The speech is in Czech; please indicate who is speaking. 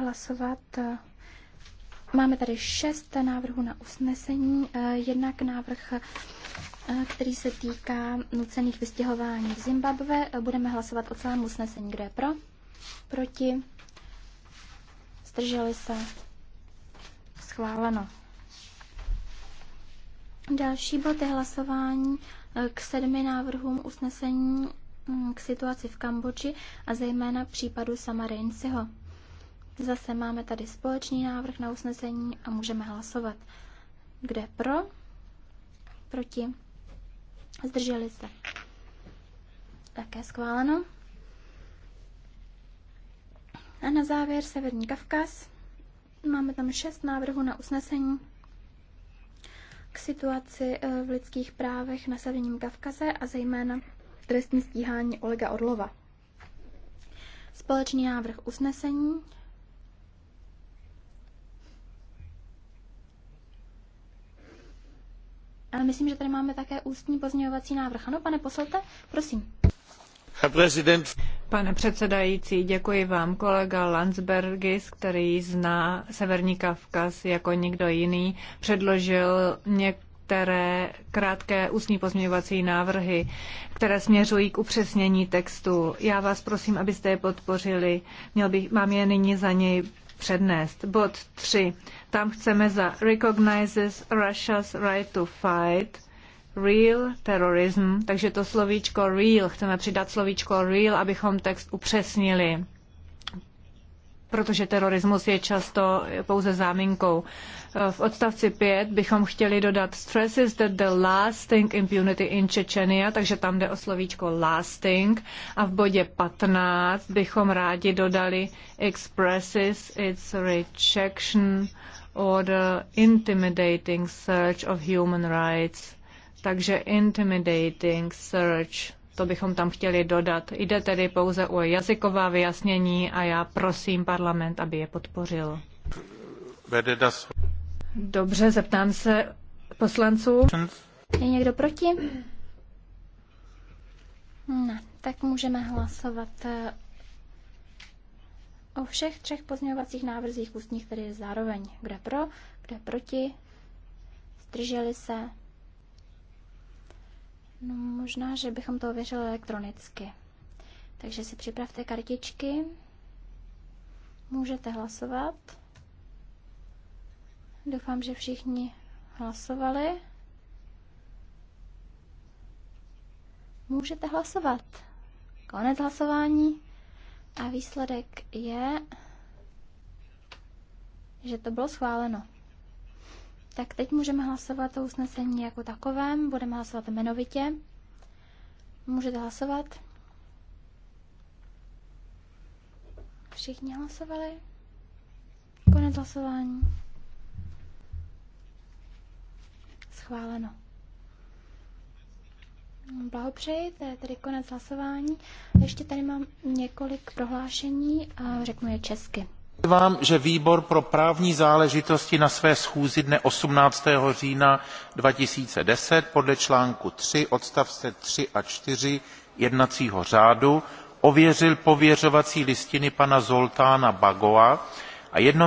Speaker 1: hlasovat. Máme tady šest návrhů na usnesení. Jednak návrh, který se týká nucených vystěhování v Zimbabve. Budeme hlasovat o celém usnesení. Kdo je pro? Proti? Zdrželi se? Schváleno. Další bod je hlasování eh, k sedmi návrhům usnesení hm, k situaci v Kambodži a zejména případu Samarinciho. Zase máme tady společný návrh na usnesení a můžeme hlasovat. Kde pro? Proti? Zdrželi se. Také schváleno. A na závěr Severní Kavkaz. Máme tam šest návrhů na usnesení k situaci eh, v lidských právech na Severním Kavkaze a zejména trestní stíhání Olega Orlova. Společný návrh usnesení Myslím, že tady máme také ústní pozměňovací návrh. Ano, pane poslete, prosím.
Speaker 2: Pane předsedající, děkuji vám. Kolega Landsbergis, který zná Severní Kavkaz jako nikdo jiný, předložil některé krátké ústní pozměňovací návrhy, které směřují k upřesnění textu. Já vás prosím, abyste je podpořili. Měl bych, mám je nyní za něj přednést. Bod 3. Tam chceme za recognizes Russia's right to fight real terrorism, takže to slovíčko real, chceme přidat slovíčko real, abychom text upřesnili protože terorismus je často pouze záminkou. V odstavci 5 bychom chtěli dodat stresses that the lasting impunity in Chechnya, takže tam jde o slovíčko lasting. A v bodě 15 bychom rádi dodali expresses its rejection or the intimidating search of human rights. Takže intimidating search to bychom tam chtěli dodat. Jde tedy pouze o jazyková vyjasnění a já prosím parlament, aby je podpořil. Dobře, zeptám se
Speaker 1: poslanců. Je někdo proti? Ne, tak můžeme hlasovat eh, o všech třech pozměňovacích návrzích ústních, tedy zároveň. Kde pro, kde proti, zdrželi se, No možná, že bychom to ověřili elektronicky. Takže si připravte kartičky. Můžete hlasovat. Doufám, že všichni hlasovali. Můžete hlasovat. Konec hlasování. A výsledek je, že to bylo schváleno. Tak teď můžeme hlasovat o usnesení jako takovém. Budeme hlasovat jmenovitě. Můžete hlasovat. Všichni hlasovali. Konec hlasování. Schváleno. Blahopřeji, to je tedy konec hlasování. Ještě tady mám několik prohlášení a řeknu je česky
Speaker 2: vám že výbor pro právní záležitosti na své schůzi dne. eighteen října two thousand and ten podle článku three odstavce three a four jednacího řádu ověřil pověřovací listiny pana zoltána bagoa a jednomyslně